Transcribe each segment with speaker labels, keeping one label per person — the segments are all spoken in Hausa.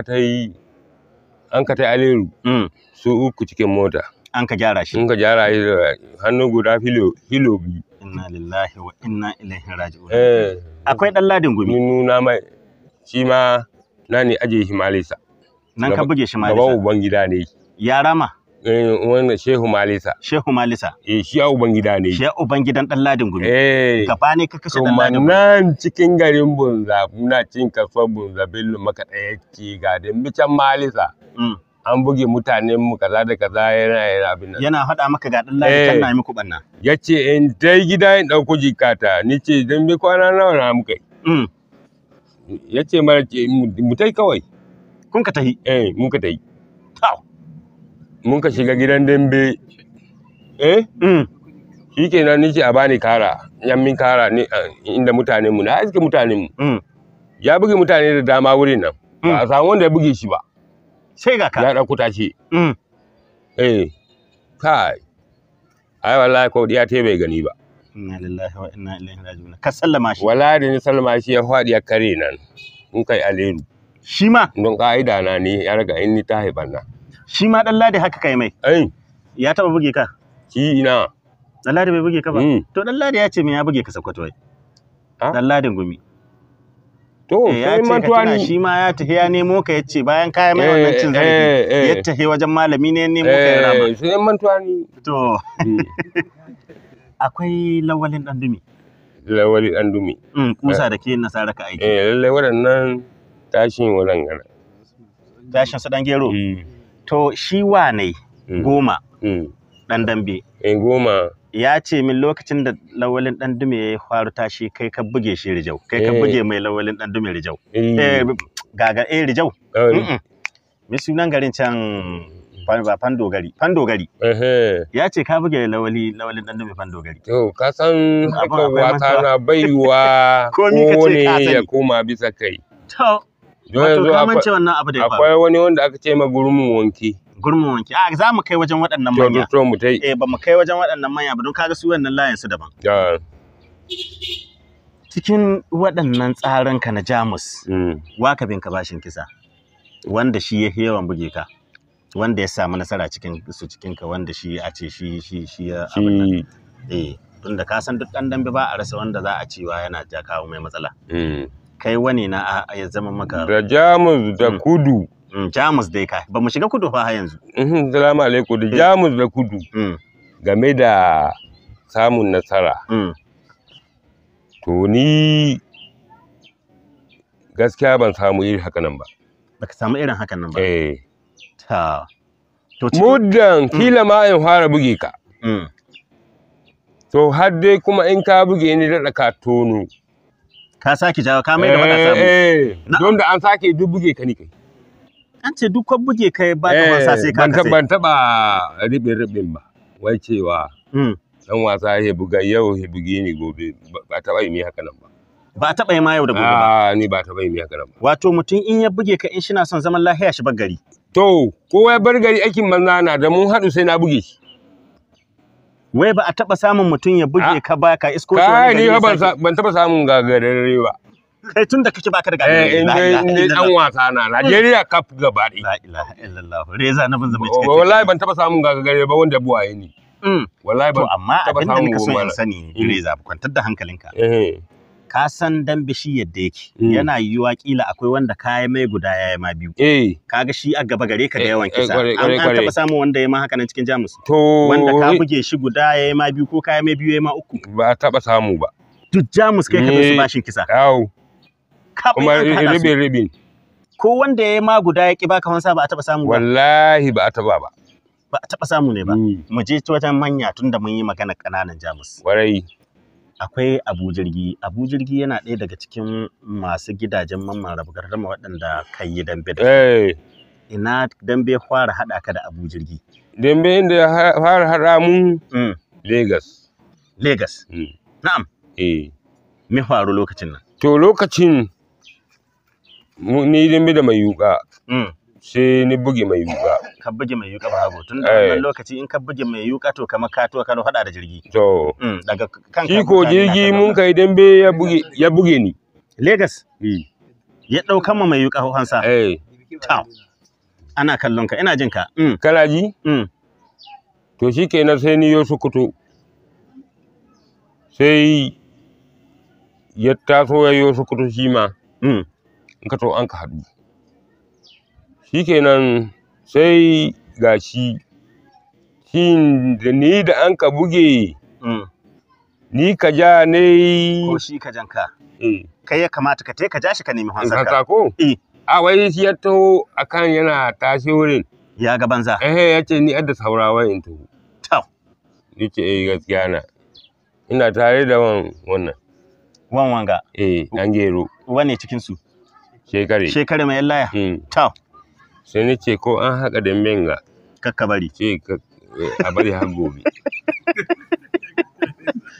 Speaker 1: ka ta yi an ka ta yi aliru mm. su uku cikin mota an ka gyara shi an ka gyara shi hannu guda filo filo biyu inna lillahi wa inna ilaihi raji'un eh. akwai dan ladin gumi nuna mai shi ma na ne aje shi malisa nan ka buge shi malisa gaba uban gida ne ya rama Eh, wannan Shehu Malisa. Shehu Malisa. Eh shi ya ubangida ne. Shi ya ubangidan dan Ladin Gumi. Eh. Gaba ne ka kashe dan Ladin Gumi. nan cikin garin Bunza muna cin kasuwar Bunza Bello maka ɗaya ke ga da mican Malisa. Mm. An buge mutanen mu kaza da kaza yana yana abin nan. Yana haɗa maka ga dan Ladin kan eh. na muku banna. Yace in dai gida in ɗauko jikata ni ce dan bi kwana nawa na muka yi. Mm. Yace mara ce mu tai kawai. Kun ka tahi. Eh mun ka tahi. mun ka shiga gidan dambe eh mm shi ni ce a bani kara yammin kara eh, inda mutanenmu mu na haske mutanen mu mm. ya buge mutane da dama wurin nan mm. ba a samu wanda ya buge shi ba sai ga ka ya dauko tashi mm. eh kai ai wallahi ko diya te bai gani ba inna lillahi wa inna ilaihi raji'un ka sallama shi wallahi da ni sallama shi ya fadi ya kare nan in kai alheri shi ma don ka'ida na ne ya raga in ni ta haifar nan shi ma dan ladi haka kai mai ya taba buge ka shi ina dan ladi bai buge ka ba mm. to dan ladi ya ce me ya buge ka sakwato wai dan ladin gumi to eh, sai mantuwa ni shi ma ya tafi ya nemo ka ce bayan kaya mai eh, wannan cin eh, zarafi ya tafi wajen malami ne ya nemo ka ya rama sai mantuwa ni to mm. akwai lawalin dan dumi lawali dan dumi mm, musa da ke nasara ka aiki eh lallai waɗannan tashin gana tashin su dan gero to shi wa ne mm. goma ɗan mm. dambe eh, goma ya ce min lokacin da lawalin ɗan dume ya faru tashi kai ka buge shi rijau kai ka eh. buge mai lawalin ɗan dume rijau eh. gaga eh rijau mi sunan garin can ba fandogari fandogari ya ce ka buge lawali lawalin ɗan dume fandogari Yau, ka san haka wata na baiwa ko ne ya koma bisa kai to Wato ka mance wannan abu da ya faru. Akwai wani wanda aka ce ma gurmun wanki. Gurmun wanki. A ah, za mu kai wajen waɗannan manya. To mu tai. Eh ba mu kai wajen waɗannan manya ba don kaga su wannan layin su daban. Cikin waɗannan tsarin ka na Jamus. Mm. Waka bin ka bashin kisa. Wanda shi ya hewan buge ka. Wanda ya samu nasara cikin su cikin ka wanda shi a ce shi shi shi ya abin nan. Eh tunda ka san duk ɗan dambe ba a rasa wanda za a cewa yana ja kawo mai matsala. Mm. kai wani na ya zama maka da jamus da hmm. kudu hmm, jamus dai kai ba mu shiga kudu fa yanzu mhm, salamu alaikum da hmm. jamus da kudu game da samun nasara to ni gaskiya ban samu irin haka nan ba baka samu irin haka nan ba eh ta muddan kila ma in fara buge ka to har dai kuma in ka buge ni da ka tono ka sake jawo ka mai da baka samu eh, eh, don da an sake duk buge ka ni kai an ce duk kwan buge kai ba da eh, wasa sai ka kase ban taba ribin ribin ba wai cewa dan hmm. wasa ya buga yau ya bugi ni gobe ba taba yi haka nan ba ba taba yi ma yau da gobe ba ah, ni ba taba yi haka nan ba wato mutum in ya buge ka in shi na son zaman lahiya shi bar gari to kowa ya bar gari aikin manzana da mun haɗu sai na buge shi wai ba a taba samun mutum ya buge ah. ka ba ka isko shi wani gari ni ban ban taba samun gagarare ba kai tun da kake baka da gagarare eh ne dan wasa na Najeriya cup gaba ɗaya la ilaha illallah reza na ban zama cikin wallahi ban taba samun gagarare ba wanda buwaye ni mm. wallahi ban to amma abin da nika so in sani ne eh. reza kwantar da hankalinka eh ka san dambe shi yadda yake mm. yana yiwuwa kila akwai wanda kaya mai guda ya ma biyu eh. kaga shi a gaba gare ka da eh, yawan eh, kisa an an taba samun wanda ya ma haka nan cikin jamus wanda ka buge shi guda ya ma biyu ko kaya mai biyu ya ma uku ba a taba samu ba duk jamus kai ka su bashin kisa kuma ribin ribin ko wanda ya ma guda ya ki baka wansa ba a taba samu ba wallahi ba a taba ba ba a taba samu ne ba mm. mu je wajen manya tunda mun yi magana kananan jamus warai akwai abu jirgi abu jirgi yana ɗaya daga cikin masu gidajen mamman rabu gardama waɗanda kan yi dambe da eh. ina dambe fara haɗa ka da abu jirgi dambe inda ya fara haɗa mu mm. Legas. Legas. Mm. na'am eh me faru lokacin nan to lokacin ni dambe da mai yuka mm. sai ni bugi mai yuka ka buge mai yuka ba hago tun da eh. wannan lokaci in ka buge mai yuka to kamar ka to ka hada da jirgi to mm, daga kan shi ko jirgi mun kai dan be ya buge ya buge ni Lagos eh. ya daukan ma mai yuka hansa eh ta ana kallon ka ina jin ka mm. kana ji mm. to shikenan sai ni yo sukuto sai ya taso ya yo sukuto shi ma in ka to an ka haɗu shikenan sai gashi shi da ni da an ka buge mm. ni ka ja ne ko shi ka janka eh. kai ya kamata ka tai ka ja shi ka nemi hansar ka ko eh. a wai shi ya taho akan yana tashi wurin ya ga banza eh ya ce ni adda saurawa in taho to ni ce eh gaskiya na ina tare da wan wannan wan wanga eh dan gero wane cikin su shekare shekare mai yallaya. Hmm. to sai na ce ko an haka da menga kakka bari ce a bari har gobe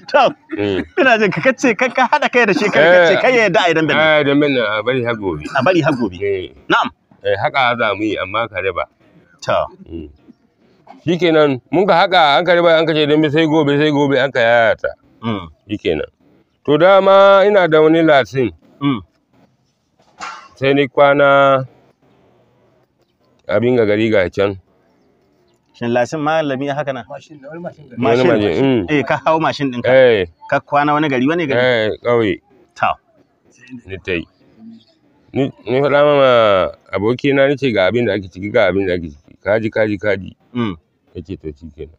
Speaker 1: to eh. ina jin ka kace ka hada kai da shi ka kace kai ya da idan da a idan eh, a bari har gobe a bari har gobe eh. na'am eh haka za mu yi amma ka riba to mm. shikenan mun ka haka an ka riba an ka ce dan sai gobe sai gobe an ka yayata mm. shikenan to dama ina da wani latin mm. sai ni kwana abin ga gari ga can shin lasin malami ya haka na mashin da, mashin mm. eh ka hawo mashin din ka eh ka kwana wani gari wani gari eh kauye ta ni tai ni ni fada ma aboki na nace ga abin da ake ciki ga abin da ake ciki kaji kaji kaji mm yace to shikenan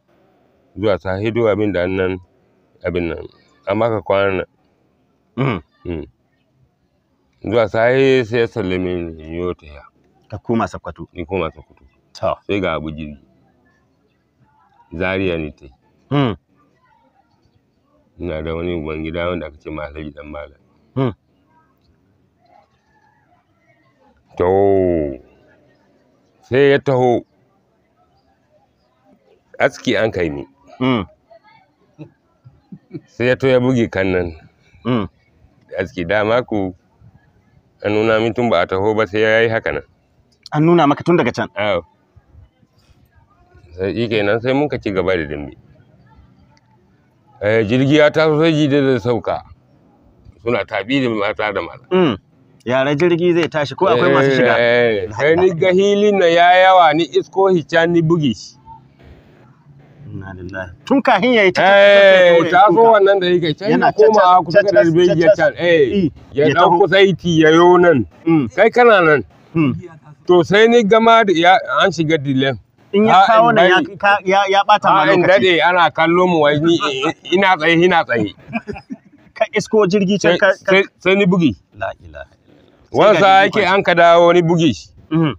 Speaker 1: zuwa ta hido abin da nan abin nan amma ka kwana nan mm, mm. zuwa sai sai sallame ni yo ta ya ka koma Sokoto ni koma Sokoto to sai ga Abu Jirgi Zaria ne tai hmm ina da wani uban gida wanda aka ce Malami dan Malam hmm to sai ya taho aski an kai ni hmm sai ya to ya buge kan nan hmm aski dama ku a nuna min tun ba a taho ba sai ya yi haka nan an nuna maka tun daga can sai shi kenan sai mun ka ci gaba da dambe eh, jirgi ya taso sai jide da sauka suna tabi da mata da mata mm. yara jirgi zai tashi ko akwai masu shiga eh, sai ni ga hilin na ya yawa ni isko hica ni bugi shi tun kahin eh, ya yi ta taso wannan da yake can ya koma kusa ga darbe ya can ya dauko saiti ya yo nan mm. kai kana nan mm. to sai ni gama da an shiga dilem in ya kawo na ya ya bata ma lokaci in dade ana kallo mu wai ni ina tsaye ina tsaye ka isko jirgi can ka sai ni bugi la ilaha wansa yake an ka dawo ni bugi mhm.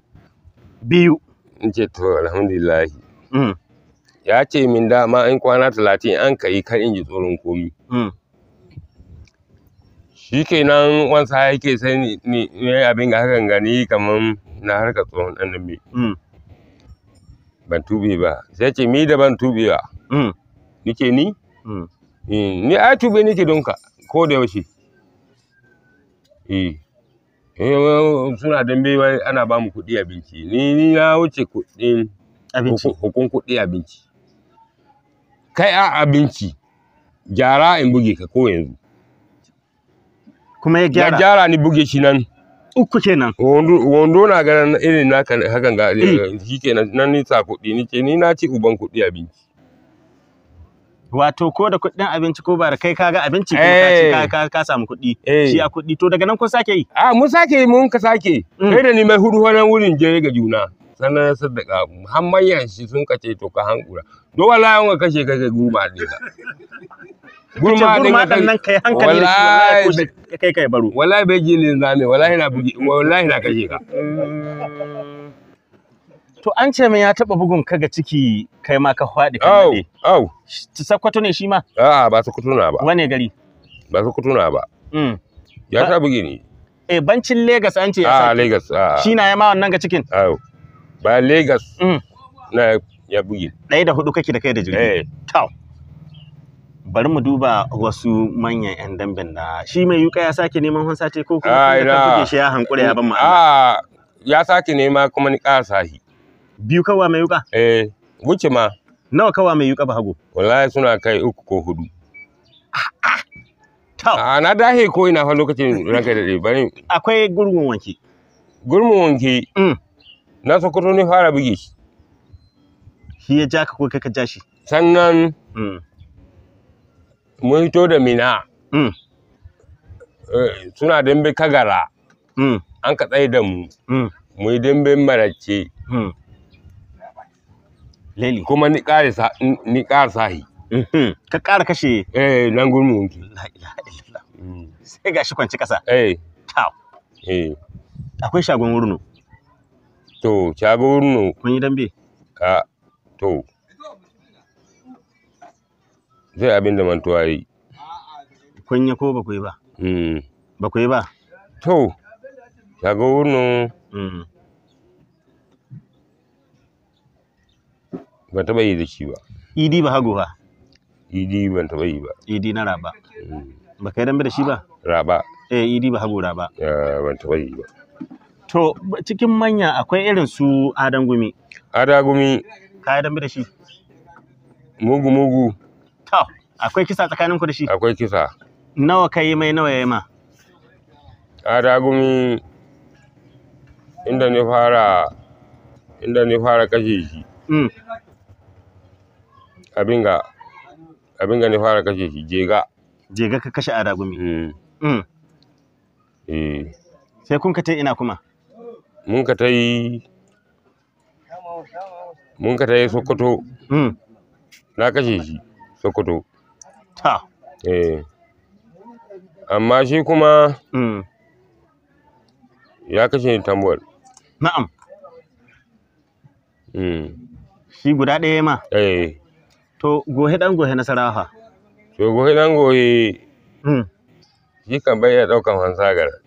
Speaker 1: biyu in ce to alhamdulillah mhm. ya ce min dama in kwana talatin an ka yi kan in ji tsoron komi mhm. shi kenan wansa yake sai ni abin ga hakan gani kamar na harka tsohon ɗan dambe mm. ban tube ba sai ce mi da ban tube ba mm. nike ni mm. eh, ni a tube nike don ka ko da yaushe eh, eh suna dambe ana ba mu kuɗi abinci ni ni ya wuce kuɗin abinci hukun kuɗi abinci kai a abinci gyara in buge ka ko yanzu kuma gyara ya gyara ni buge shi nan uku kenan wando na ganin irin naka hakan ga mm. shi kenan nan ni sa kuɗi ni ke ni na ci uban kuɗi abinci wato ko da kuɗin abinci ko ba da kai kaga abinci ko eh. ka ka samu kuɗi eh. shi a kuɗi to daga nan ko sake yi a ah, mun sake mun ka sake kai mm. da ni mai hudu wannan wurin je ga juna kana sadaka har mayan shi sun kace to ka hankura do wallahi ka kashe ka kai gurma din ka gurma din ka nan kai hankali wallahi kai kai baro wallahi bai jini zame wallahi na bugi wallahi na kashe ka mm. to an ce min ya taba bugun kaga ciki kai ma ka faɗi kan dade au sakwato ne shi ma a'a ba su na ba wane gari ba su na ba mm. ya ta bugi ni eh bancin Legas an ce ya sa. A Legas. Shi na yama wannan ga cikin. Ayo. ba Lagos mm. na ya buge ɗaya da hudu kake da kai da jirgi eh. to bari mu duba wasu manyan yan damben na shi mai yuka ya sake neman hansa ce ko kuma ka kuke shi ya hankura ya ban a ah, ya sake nema kuma ni ƙara sahi biyu kawa mai yuka eh wuce ma nawa kawa mai yuka ba hagu wallahi suna kai uku ko hudu a ah, na dahe ko ina fa lokacin ranka da bari akwai gurgun wanki gurgun wanki mm. na sokoto ne fara buge shi shi ya ja ka ko kai ka ja shi sannan hmm. mun hito da mina hmm. eh, suna dambe kagara hmm. an ka tsaye da mu mu yi dambe marace leli kuma ni ƙara sahi ka ƙara kashe eh nan gurmu sai ga shi kwanci ƙasa eh. eh akwai shagon wurnu to caga wurno kun yi dambe a to Zai abin da mantuwa yi kun yi ko ba ku yi ba hmm. ba ku yi ba to caga wurno hmm. ba taɓa yi da shi ba idi ba hagu ba idi ban taɓa yi ba idi na raba hmm. ba kai dambe da shi ba raba eh idi ba hagu raba ban taɓa yi ba To cikin manya akwai irin su Adam Gumi. Adam Gumi. Ka yi dambe da shi. Mugu mugu. To akwai kisa tsakanin ku da shi. Akwai kisa. Nawa ka yi mai nawa ya yi ma? Adagumi Gumi inda ne fara inda ne fara kashe shi. Mm. Abinga ga fara kashe shi jega. Jega ka kashe adagumi. Gumi. Mm. Mm. Eh. Sai kun ka ina kuma. mun ka ta yi mun ka ta yi sokoto hmm. na kashe shi sokoto ta eh amma shi kuma hmm. ya kashe ni tambuwar na'am hmm. shi guda ɗaya ma eh to gohe dan gohe nasarawa to gohe dan gohe shi kan bayyana ɗaukan hansagar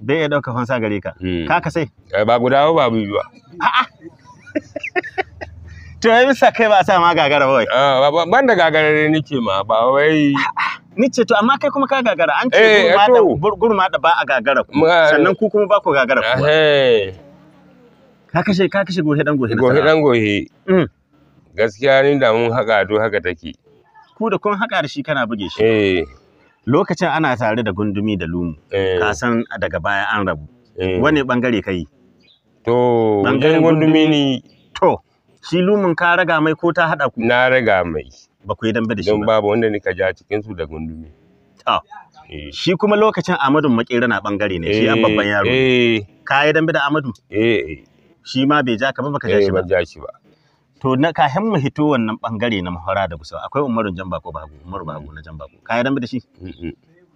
Speaker 1: bai ya dauka fansa gare ka hmm. ka ka sai eh, ba guda ba ba biyu ba to ya sa kai ba sa ma gagara ba wai ah, ban da gagara ne nake ma ba wai nice ce to amma kai kuma ka gagara an ce eh, gurma da ba a gagara ku sannan ku kuma ba ku gagara ku eh. ka kashe ka kashe gohe dan gohe gohe dan gohe mm. gaskiya ni da mun haka to haka take ku da kun haka da shi kana buge shi eh lokacin ana tare da gundumi da lumu eh. ka san daga baya an rabu eh. wani bangare ka yi to bangare gundumi ne to shi lumun ka raga mai ko ta hada ku na raga mai ba ku yi dambe da shi ba don babu wanda nika ja cikin su da gundumi to eh. shi kuma lokacin Amadu Makera na bangare ne shi an babban yaro ka yi dambe da Amadu eh shi ma bai ja ka ba baka ja shi ba ja shi ba to na kahin mu hito wannan bangare na mahara da gusau akwai umarun jan bako bago umaru bago na jan bako ka yi dambe da shi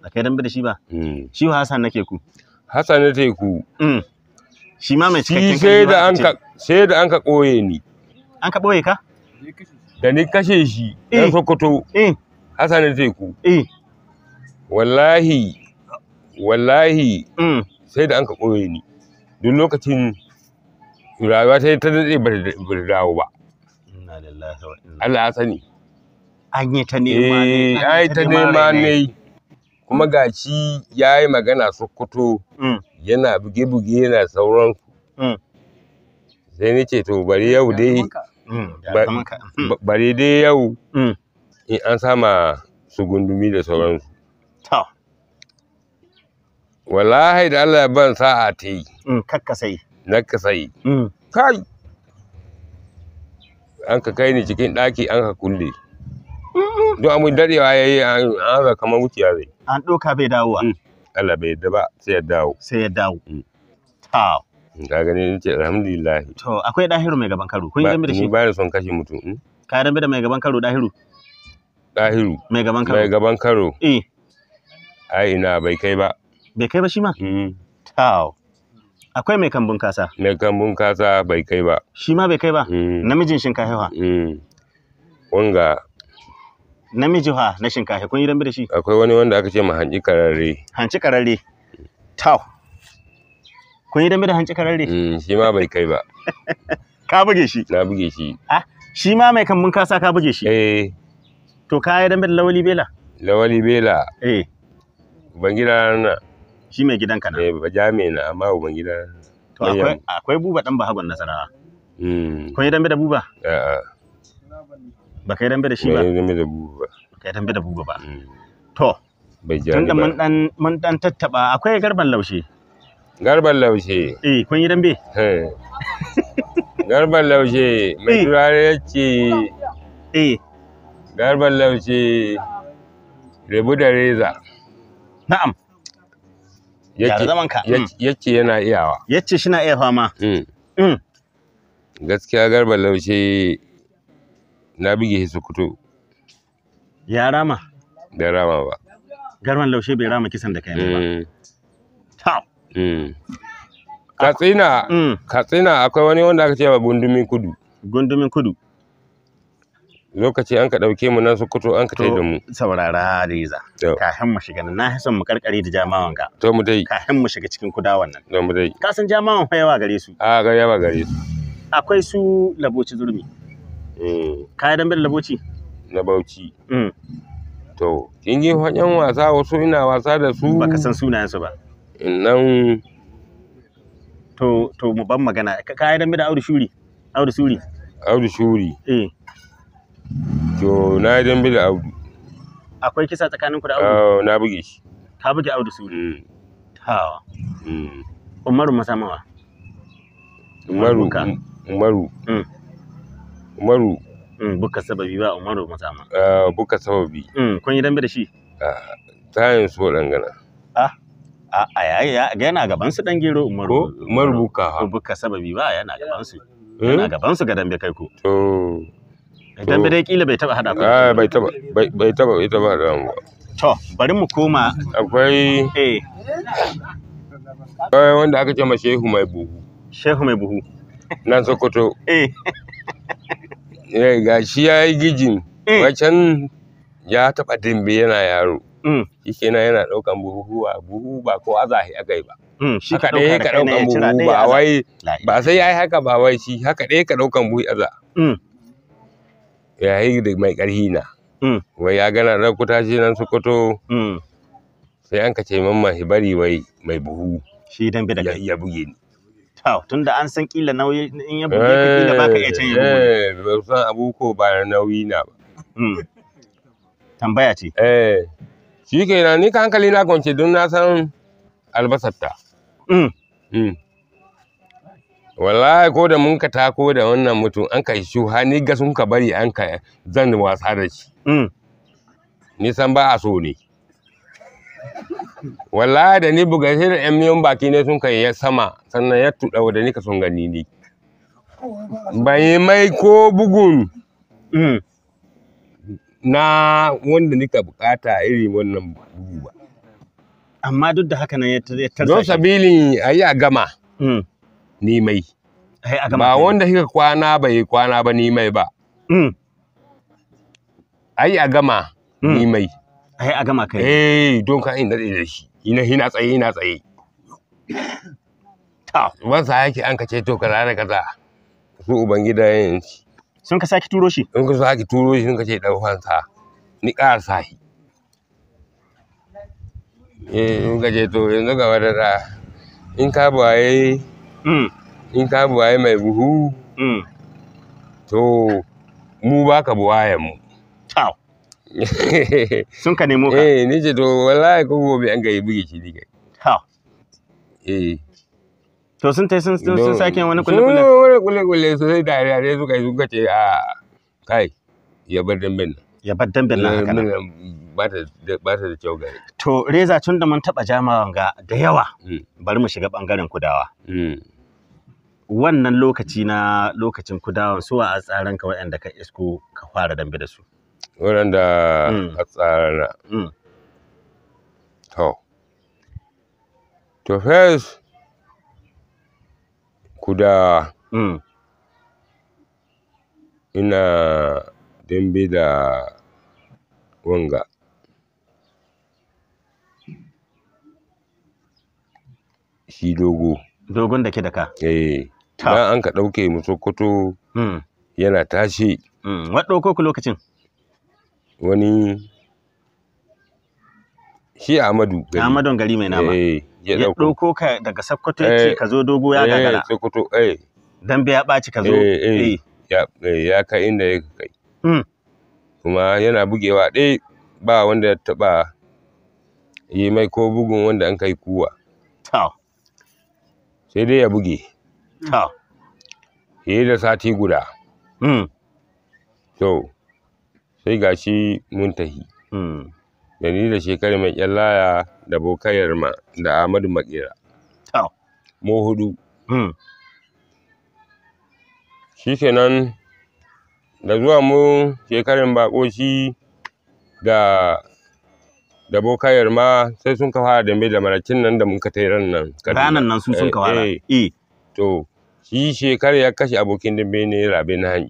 Speaker 1: Ka kai dambe da shi ba mm. shi wa hasan nake ku hasan na ku. Mm. shi ma mai cikakken sai da an ka sai da an ka koye ni an ka boye ka da ni kashe shi dan eh. sokoto eh. hasan na eh wallahi wallahi mm. sai da an ka koye ni duk lokacin rayuwa ta ta dade ba ta dawo ba Allah ya sani an yi ta nema ne eh, an yi ta nema ne kuma gashi ya yi magana sokoto mm. yana buge-buge yana sauran mm. sai ni ce to bari yau dai mm, bari dai yau in an sama su gundumi da sauransu wallahi da Allah ban sa'a ta yi kakkasai na kasai kai an ka kai ni cikin ɗaki an ka kulle don amin daɗewa ya yi an ga kamar wuciya zai an ɗauka bai dawo dawowa mm. Allah bai yadda ba sai ya dawo sai ya dawo mm. ta ga gani ce alhamdulillah to akwai dahiru mai gaban karo kun yi dambe da shi ba ni son kashe mutum mm. ka dambe da mai gaban karo dahiru dahiru mai gaban karo mai gaban karo eh ai ina bai kai ba bai kai ba shi ma ta akwai mai kambun kasa mai kambun kasa bai kai ba shi ma bai kai ba mm. namijin shinkafa ha mm. wanga namiji ha na shinkafa kun yi dambe da shi akwai wani wanda aka ce ma hanci kararre hanci kararre tau kun yi dambe da hanci kararre mm, shi ma bai kai ba ka buge shi na buge shi ah shi ma mai kambun kasa ka buge shi eh to ka yi dambe da lawali bela lawali bela eh ubangida na shi mai gidan ka na eh jami'i na amma uban gida to akwai akwai buba dan bahagon nasara mm kun yi dambe da buba a'a ba kai dambe da shi ba kai dambe da buba ba kai dambe da buba ba hmm. to jami'i. Tunda mun dan mun dan tattaba akwai garban laushe garban laushe eh kun yi dambe eh. garban laushe mai eh. turare yace eh garban laushe rebu da reza na'am yake zaman ka hmm. yake yana iyawa yace shi na iya fama hmm. Hmm. gaskiya garba laushe na bige su kuto ya rama bai rama ba garban laushe bai rama kisan da kai ba katsina katsina akwai wani wanda aka ce ba gundumin kudu gundumin kudu lokaci an ka ɗauke mu nan sokoto an ka taida mu. mu saurara reza kafin mu shiga na fi mu karkare da jamawan ga to mu dai kafin mu shiga cikin kuda nan to mu dai ka san jamawan fa yawa gare su a ga yawa gare su akwai su laboci zurmi eh ka dan bin laboci laboci mm. to kin yi yan wasa wasu ina wasa da su baka san sunayen su ba nan to to mu ban magana ka yi dan da Audu Shuri Audu Shuri Audu Shuri eh to na yi dambe da audu akwai kisa tsakanin ku da audu na buge shi ka buge audu su mm. tawa mm. umaru masamawa umaru um, umaru mm. umaru buka sababi ba umaru masama ah, buka sababi kun yi dambe da shi yin so dangana ah, ah a ya yana gaban su dan gero umaru umaru buka buka sababi ba yana gaban su eh? yana gaban su ga dambe kai ko to Dambe dai kila bai taba hada ba. Ah, bai taba bai taba bai taba hada ba. To, bari mu koma akwai eh Akwai wanda aka ce ma Shehu Mai Buhu. Shehu Mai Buhu. Nan Sokoto. Eh. Eh ga shi yayi gijin. Eh. Wacan ya taba dimbe yana yaro. Mm. Shi kenan yana daukan buhu, buhu ba ko azahi aka yi ba. Mm, shi ka ɗaya ka ɗaukan buhu ba wai ba sai ya yi haka ba wai shi haka ɗaya ka ɗaukan buhu aza. ya yi da mai ƙarhi na mm. wai ya gana kuta shi nan sokoto mm. sai an kace mamma bari wai mai buhu shi dan bi da kai ya buge ni to tunda an san kila nauyi in ya buge ka kila eh, baka iya canje eh ba san abu ko ba nauyi na ba mm. tambaya ce eh shi kenan ni ka hankali na kwance don na san albasar ta wallahi ko da mun ka tako da wannan mutum an ka shi ni ga sun ka bari an ka zan wasa da shi mm. ni san ba a so ne wallahi da ni buga shi da yan miyan baki ne sun kai ya sama sannan ya tuɗa da ni ka sun gani ne ban yi mai ko bugun mm. na wanda nika bukata iri wannan bugu ba amma duk da haka nan ya tarsa don sabilin ayi a gama mm. ni mai ba wanda kika kwana bai kwana ba ni mai ba mm. ai a gama mm. ni mai ai a gama kai eh don ka in dade da shi ina hina tsaye ina tsaye ta wasa yake an kace to kaza da kaza su ubangida yin shi sun ka saki turo shi sun ka saki turo shi sun ka ce dan fansa ni ƙara sahi eh sun ka to yanzu gaba da in ka baye Mm. in ka buwaye mai buhu mm. to mu ba ka buwayen mu sun ka nemo ka eh ni ce to wallahi ko gobe an gayi buge shi diga ha eh to sun tai sun sun sake wani kulle kulle sun wani kulle kulle su sai da dare su kai suka ce a ah, kai ya bar damben nan ya bar damben nan haka nan eh, ba ta da kyau gare to reza tun da mun taba jamawan ga da yawa mm. bari mu shiga bangaren kudawa wannan lokaci na lokacin kudawan su a tsaran ka waɗanda ka isko ka fara dambe da su wa'anda mm. a tsara mm. to to first kuda mm. ina dambe da wanga shi dogo dogon da ke da ka eh bayan an ka ɗauke mu sokoto hmm. yana tashi hmm. ɗauko ku lokacin wani shi Ahmadu gari Ahmadun gari mai nama eh, ya ɗauko ka daga Sokoto ya ce eh, ka zo dogo ya gagara eh, Sokoto eh dan ya ɓaci ka zo ya ya kai inda ya kai hmm. kuma yana bugewa ɗaya ba wanda ya taɓa yi mai ko bugun wanda an kai kuwa sai dai ya buge fiye da sati guda hmm. to sai ga shi mun tahi hmm. da ni da shekaru mai kyallaya da bokayar ma da ahmadu makera mu hudu hmm. shi kenan da zuwa mu shekarun bako shi da da bokayar ma sai sun ka fara dambe da marakin nan da muka tai ran nan ranan nan sun sun ka fara eh, eh. E. to shi shekara ya kashe abokin dambe ne rabe na